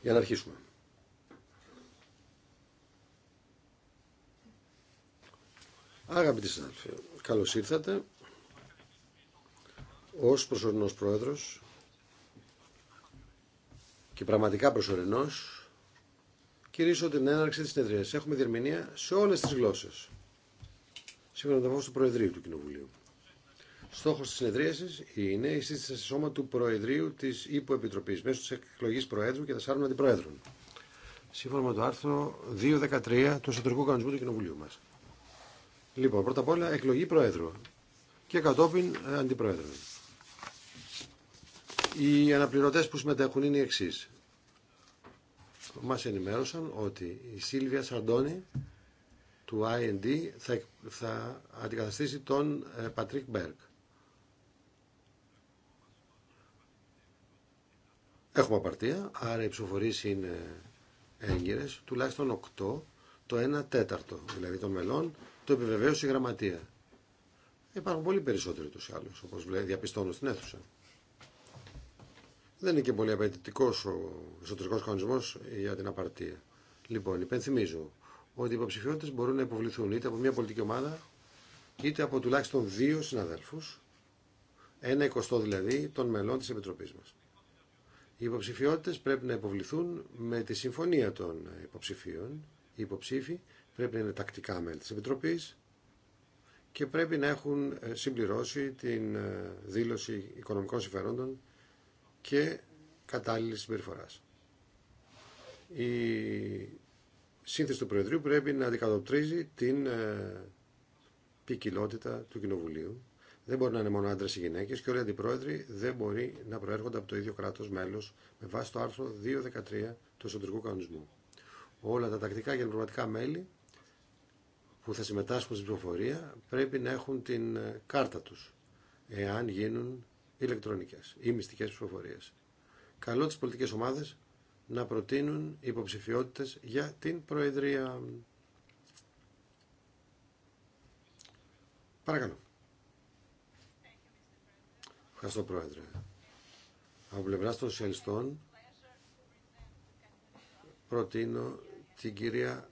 Για να αρχίσουμε. Αγαπητοί συνάδελφοι, καλώς ήρθατε ως προσωρινός πρόεδρος και πραγματικά προσωρινός κηρύσω την έναρξη της συνεδρίας. Έχουμε διερμηνία σε όλες τις γλώσσες. Σύμφωνα το φως του Προεδρείου του Κοινοβουλίου. Στόχο τη συνεδρίαση είναι η σύστηση σε σώμα του Προεδρείου τη Υποεπιτροπή μέσω τη εκλογή Προέδρου και τεσσάρων αντιπροέδρων. Σύμφωνα με το άρθρο 2.13 του εσωτερικού κανονισμού του Κοινοβουλίου μα. Λοιπόν, πρώτα απ' όλα εκλογή Προέδρου και κατόπιν ε, αντιπροέδρων. Οι αναπληρωτέ που συμμετέχουν είναι οι εξή. Μα ενημέρωσαν ότι η Σίλβια Σαντώνη του IND θα, θα αντικαταστήσει τον ε, Πατρίκ Μπέρκ. Έχουμε απαρτία, άρα οι ψηφοφορίε είναι έγκυρε, τουλάχιστον 8, το 1 τέταρτο, δηλαδή των μελών, το επιβεβαίωσε η γραμματεία. Υπάρχουν πολύ περισσότεροι τους άλλους, όπως διαπιστώνω στην αίθουσα. Δεν είναι και πολύ απαιτητικό ο εσωτερικό κανονισμό για την απαρτία. Λοιπόν, υπενθυμίζω ότι οι υποψηφιότητε μπορούν να υποβληθούν είτε από μια πολιτική ομάδα είτε από τουλάχιστον δύο συναδέλφου, ένα εικοστό δηλαδή των μελών τη Επιτροπή μα. Οι υποψηφιότητε πρέπει να υποβληθούν με τη συμφωνία των υποψηφίων. Οι υποψήφοι πρέπει να είναι τακτικά μέλη της Επιτροπής και πρέπει να έχουν ε, συμπληρώσει την ε, δήλωση οικονομικών συμφερόντων και κατάλληλη συμπεριφορά. Η σύνθεση του Προεδρείου πρέπει να αντικατοπτρίζει την ε, ποικιλότητα του Κοινοβουλίου δεν μπορεί να είναι μόνο άντρε ή γυναίκε και όλοι οι αντιπρόεδροι δεν μπορεί να προέρχονται από το ίδιο κράτο μέλο με βάση το άρθρο 2.13 του εσωτερικού κανονισμού. Όλα τα τακτικά και πραγματικά μέλη που θα συμμετάσχουν στην ψηφοφορία πρέπει να έχουν την ε, κάρτα του εάν γίνουν ηλεκτρονικέ ή μυστικέ ψηφοφορίε. Καλό τι πολιτικέ ομάδε να προτείνουν υποψηφιότητε για την Προεδρία. Παρακαλώ. Ευχαριστώ, Πρόεδρε. Από πλευρά των σοσιαλιστών προτείνω την κυρία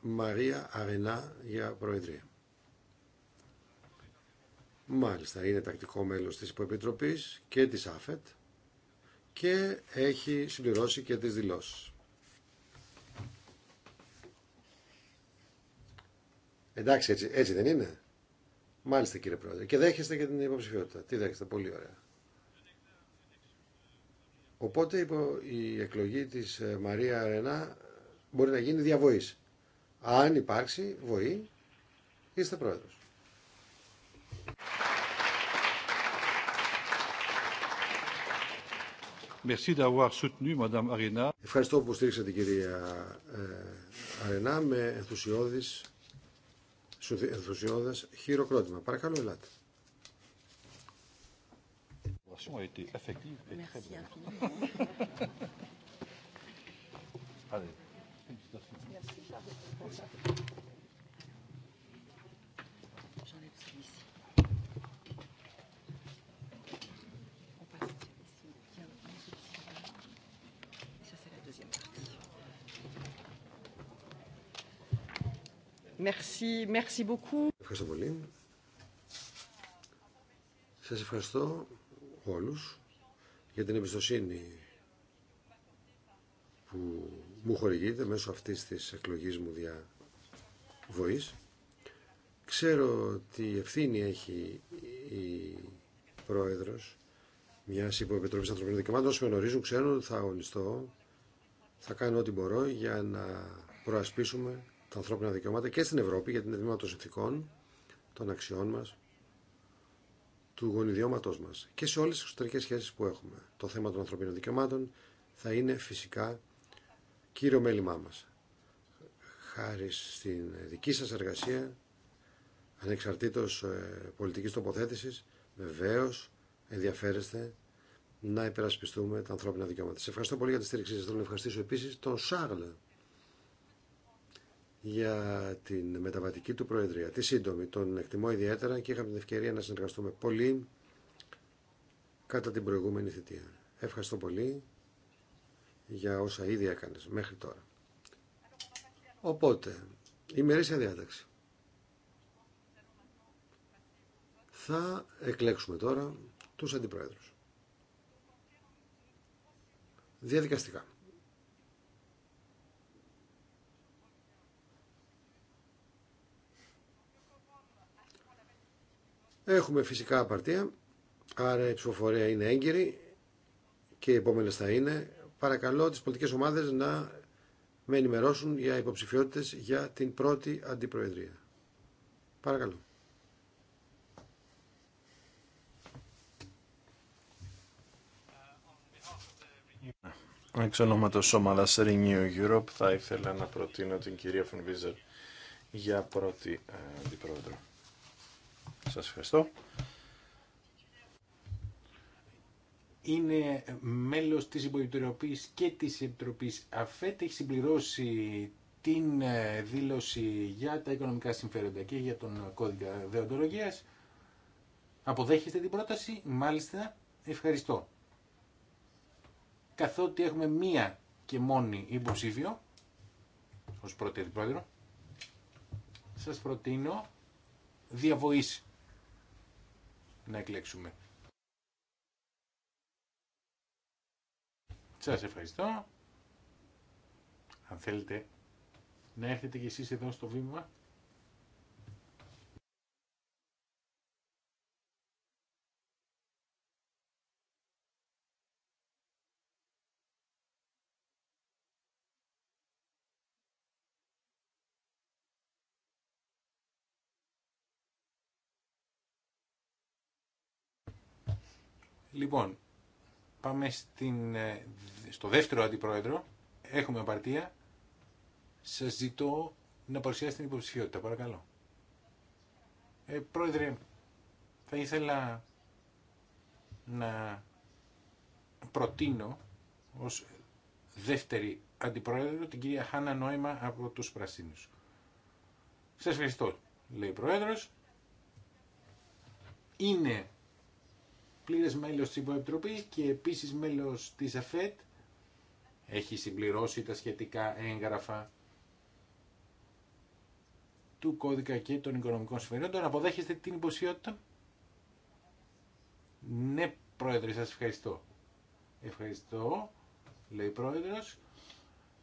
Μαρία Αρενά για Προεδρία. Μάλιστα, είναι τακτικό μέλος της Υποεπιτροπής και της ΑΦΕΤ και έχει συμπληρώσει και τις δηλώσεις. Εντάξει, έτσι, έτσι δεν είναι. Μάλιστα κύριε Πρόεδρε. Και δέχεστε και την υποψηφιότητα. Τι δέχεστε. Πολύ ωραία. Οπότε η εκλογή της ε, Μαρία Αρενά μπορεί να γίνει διαβοής. Αν υπάρξει βοή, είστε πρόεδρος. Ευχαριστώ που στήριξατε κυρία ε, Αρενά με ενθουσιώδης ενθουσιώδε χειροκρότημα. Παρακαλώ, ελάτε. Merci, merci beaucoup. Ευχαριστώ πολύ. Σας ευχαριστώ όλους για την εμπιστοσύνη που μου χορηγείτε μέσω αυτής της εκλογής μου δια βοή. Ξέρω ότι ευθύνη έχει η πρόεδρος μια υποεπιτροπή ανθρωπίνων δικαιωμάτων. Όσοι με γνωρίζουν, ξέρουν ότι θα αγωνιστώ, θα κάνω ό,τι μπορώ για να προασπίσουμε τα ανθρώπινα δικαιώματα και στην Ευρώπη για την τμήμα των συνθηκών, των αξιών μας, του γονιδιώματός μας και σε όλες τις εξωτερικές σχέσεις που έχουμε. Το θέμα των ανθρωπίνων δικαιωμάτων θα είναι φυσικά κύριο μέλημά μας. Χάρη στην δική σας εργασία, ανεξαρτήτως ε, πολιτικής τοποθέτησης, βεβαίω ενδιαφέρεστε να υπερασπιστούμε τα ανθρώπινα δικαιώματα. Σε ευχαριστώ πολύ για τη στήριξή σας. Θέλω να ευχαριστήσω επίσης τον Σάρλ για την μεταβατική του Προεδρία, τη σύντομη. Τον εκτιμώ ιδιαίτερα και είχαμε την ευκαιρία να συνεργαστούμε πολύ κατά την προηγούμενη θητεία. Ευχαριστώ πολύ για όσα ήδη έκανες μέχρι τώρα. Οπότε, η διάταξη. Θα εκλέξουμε τώρα τους αντιπρόεδρους. Διαδικαστικά. Έχουμε φυσικά απαρτία, άρα η ψηφοφορία είναι έγκυρη και οι επόμενε θα είναι. Παρακαλώ τις πολιτικές ομάδες να με ενημερώσουν για υποψηφιότητε για την πρώτη αντιπροεδρία. Παρακαλώ. Εξ ονόματο ομάδα Renew Europe θα ήθελα να προτείνω την κυρία Φονβίζερ για πρώτη ε, αντιπρόεδρο. Σας ευχαριστώ. Είναι μέλος της Υποεπιτροπής και της Επιτροπής ΑΦΕΤ. Έχει συμπληρώσει την ε, δήλωση για τα οικονομικά συμφέροντα και για τον κώδικα δεοντολογίας. Αποδέχεστε την πρόταση. Μάλιστα, ευχαριστώ. Καθότι έχουμε μία και μόνη υποψήφιο ως πρώτη αντιπρόεδρο, σας προτείνω διαβοήσει να εκλέξουμε. Σας ευχαριστώ. Αν θέλετε να έρθετε κι εσείς εδώ στο βήμα. Λοιπόν, πάμε στην, ε, στο δεύτερο αντιπρόεδρο. Έχουμε απαρτία. Σας ζητώ να παρουσιάσετε την υποψηφιότητα, παρακαλώ. Ε, πρόεδρε, θα ήθελα να προτείνω ως δεύτερη αντιπρόεδρο την κυρία Χάνα Νόημα από τους Πρασίνους. Σας ευχαριστώ, λέει ο πρόεδρος. Είναι πλήρες μέλος της Υποεπιτροπής και επίσης μέλος της ΑΦΕΤ. Έχει συμπληρώσει τα σχετικά έγγραφα του κώδικα και των οικονομικών συμφερόντων. Αποδέχεστε την υποσιότητα. Ναι, πρόεδρε, σας ευχαριστώ. Ευχαριστώ, λέει πρόεδρος.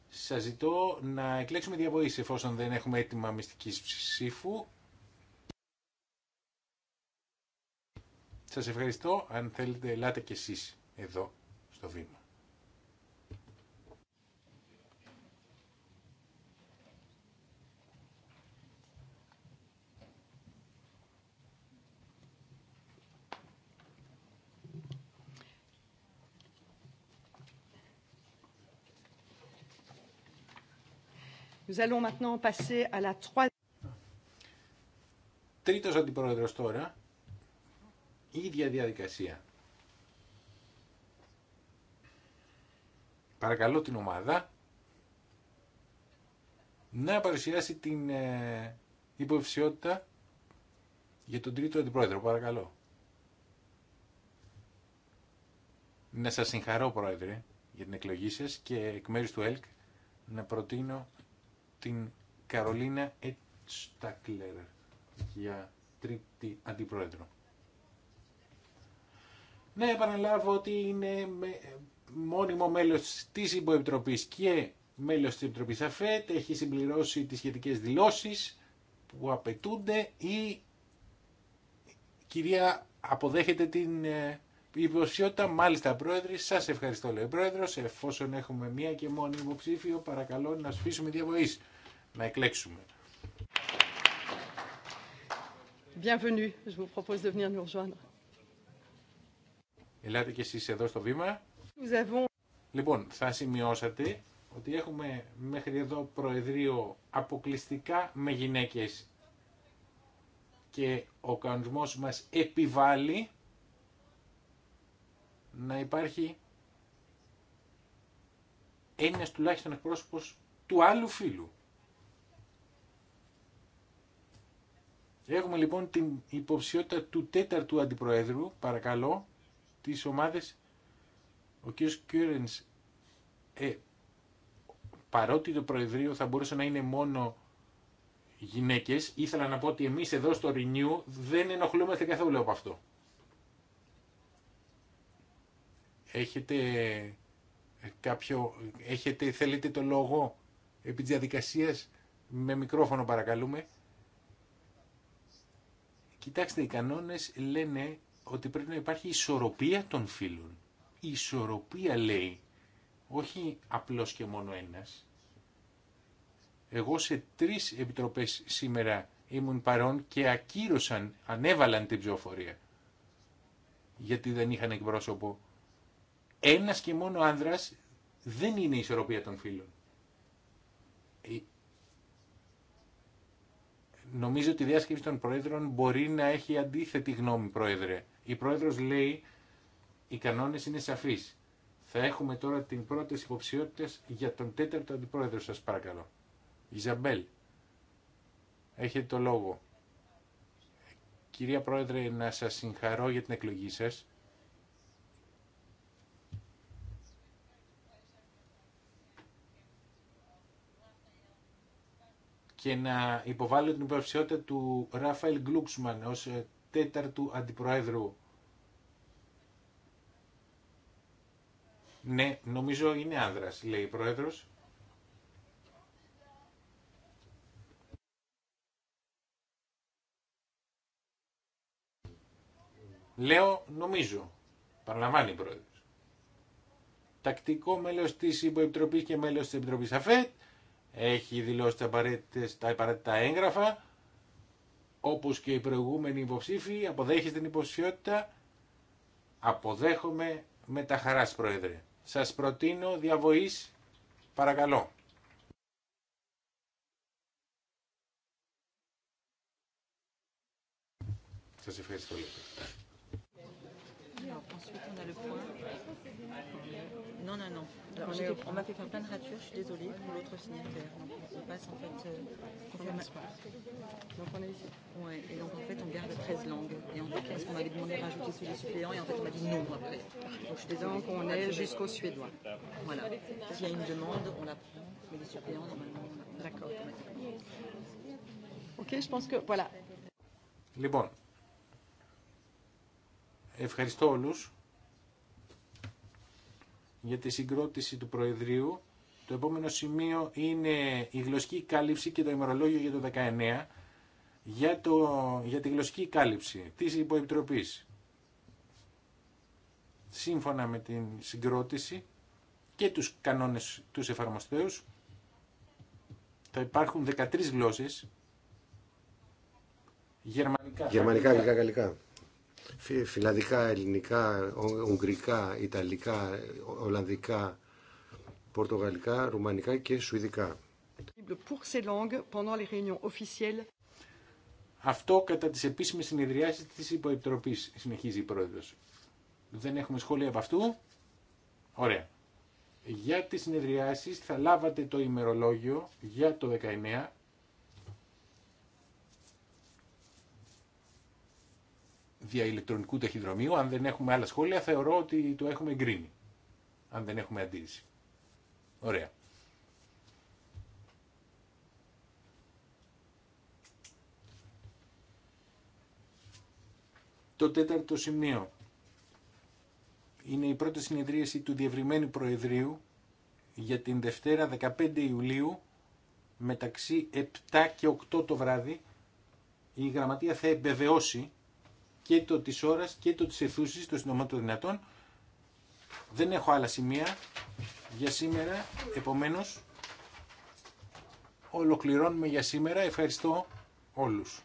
Σας ζητώ να εκλέξουμε διαβοήση εφόσον δεν έχουμε έτοιμα μυστικής ψήφου. Σας ευχαριστώ. Αν θέλετε, ελάτε κι εσείς εδώ στο βήμα. Nous allons maintenant passer à la troisième. Τρίτος αντιπρόεδρος τώρα, ίδια διαδικασία. Παρακαλώ την ομάδα να παρουσιάσει την ε, υποψηφιότητα για τον τρίτο αντιπρόεδρο. Παρακαλώ. Να σας συγχαρώ, Πρόεδρε, για την εκλογή σας και εκ μέρους του ΕΛΚ να προτείνω την Καρολίνα Ετστάκλερ για τρίτη αντιπρόεδρο. Ναι, επαναλάβω ότι είναι μόνιμο μέλος της Υποεπιτροπή και μέλος της Επιτροπής ΑΦΕΤ, έχει συμπληρώσει τις σχετικέ δηλώσεις που απαιτούνται ή κυρία αποδέχεται την ε, υποψηφιότητα. Μάλιστα, Πρόεδρε, σα ευχαριστώ, λέει ο Πρόεδρο. Εφόσον έχουμε μία και μόνη υποψήφιο, παρακαλώ να σφίσουμε διαβοή. Να εκλέξουμε. Bienvenue, je vous propose de venir nous rejoindre. Ελάτε κι εσείς εδώ στο βήμα. Λοιπόν, θα σημειώσατε ότι έχουμε μέχρι εδώ προεδρείο αποκλειστικά με γυναίκες και ο κανονισμός μας επιβάλλει να υπάρχει ένας τουλάχιστον εκπρόσωπος του άλλου φίλου. Έχουμε λοιπόν την υποψιότητα του τέταρτου αντιπροέδρου, παρακαλώ, τις ομάδες ο κ. Κιούρενς ε, παρότι το Προεδρείο θα μπορούσε να είναι μόνο γυναίκες ήθελα να πω ότι εμείς εδώ στο Renew δεν ενοχλούμαστε καθόλου από αυτό. Έχετε ε, κάποιο, έχετε, θέλετε το λόγο επί της διαδικασίας με μικρόφωνο παρακαλούμε. Κοιτάξτε, οι κανόνες λένε ότι πρέπει να υπάρχει ισορροπία των φίλων. ισορροπία λέει, όχι απλώς και μόνο ένας. Εγώ σε τρεις επιτροπές σήμερα ήμουν παρόν και ακύρωσαν, ανέβαλαν την ψηφοφορία. Γιατί δεν είχαν εκπρόσωπο. Ένας και μόνο άνδρας δεν είναι η ισορροπία των φίλων. Ε, νομίζω ότι η διάσκεψη των Πρόεδρων μπορεί να έχει αντίθετη γνώμη, Πρόεδρε. Η πρόεδρος λέει οι κανόνες είναι σαφείς. Θα έχουμε τώρα την πρώτη υποψιότητα για τον τέταρτο αντιπρόεδρο σας παρακαλώ. Ιζαμπέλ, έχετε το λόγο. Κυρία Πρόεδρε, να σα συγχαρώ για την εκλογή σα. και να υποβάλλω την υποψηφιότητα του Ράφαελ Γκλούξμαν ως ε, τέταρτου αντιπροέδρου. Ναι, νομίζω είναι άνδρας, λέει η πρόεδρος. Λέω νομίζω, παραλαμβάνει η πρόεδρος. Τακτικό μέλος της υποεπιτροπής και μέλος της Επιτροπής ΑΦΕΤ, έχει δηλώσει τα απαραίτητα έγγραφα, όπως και οι προηγούμενοι υποψήφοι, αποδέχεστε την υποψηφιότητα, αποδέχομαι με τα χαράς Πρόεδρε. Σας προτείνω διαβοής, παρακαλώ. Σας ευχαριστώ Non, non, non. Alors, on m'a fait faire plein de ratures, je suis désolée, pour l'autre signataire. Donc, on passe en fait. Euh, donc, on est ici. Ouais, et donc en fait, on garde 13 langues. Et en fait, parce qu'on avait demandé de rajouter celui suppléant, et en fait, on m'a dit non après. Donc, je suis désolée. Donc, on est jusqu'au suédois. Voilà. S'il y a une demande, on la prend, mais les suppléants, normalement, on D'accord. Ok, je pense que. Voilà. Λοιπόν, ευχαριστώ όλους για τη συγκρότηση του Προεδρείου. Το επόμενο σημείο είναι η γλωσσική κάλυψη και το ημερολόγιο για το 19 για, το, για τη γλωσσική κάλυψη της υποεπιτροπής. Σύμφωνα με την συγκρότηση και τους κανόνες τους εφαρμοστέους θα υπάρχουν 13 γλώσσες γερμανικά, γερμανικά αγγλικά, γαλλικά φιλανδικά, ελληνικά, ουγγρικά, ιταλικά, ολλανδικά, πορτογαλικά, ρουμανικά και σουηδικά. Αυτό κατά τις επίσημες συνεδριάσεις της υποεπιτροπής, συνεχίζει η πρόεδρος. Δεν έχουμε σχόλια από αυτού. Ωραία. Για τις συνεδριάσεις θα λάβατε το ημερολόγιο για το 19 δια ηλεκτρονικού ταχυδρομείου. Αν δεν έχουμε άλλα σχόλια, θεωρώ ότι το έχουμε εγκρίνει. Αν δεν έχουμε αντίρρηση. Ωραία. Το τέταρτο σημείο είναι η πρώτη συνεδρίαση του Διευρυμένου Προεδρίου για την Δευτέρα 15 Ιουλίου μεταξύ 7 και 8 το βράδυ. Η Γραμματεία θα εμπεβαιώσει και το της ώρας και το της αιθούσης το συντομά των δυνατών. Δεν έχω άλλα σημεία για σήμερα, επομένως ολοκληρώνουμε για σήμερα. Ευχαριστώ όλους.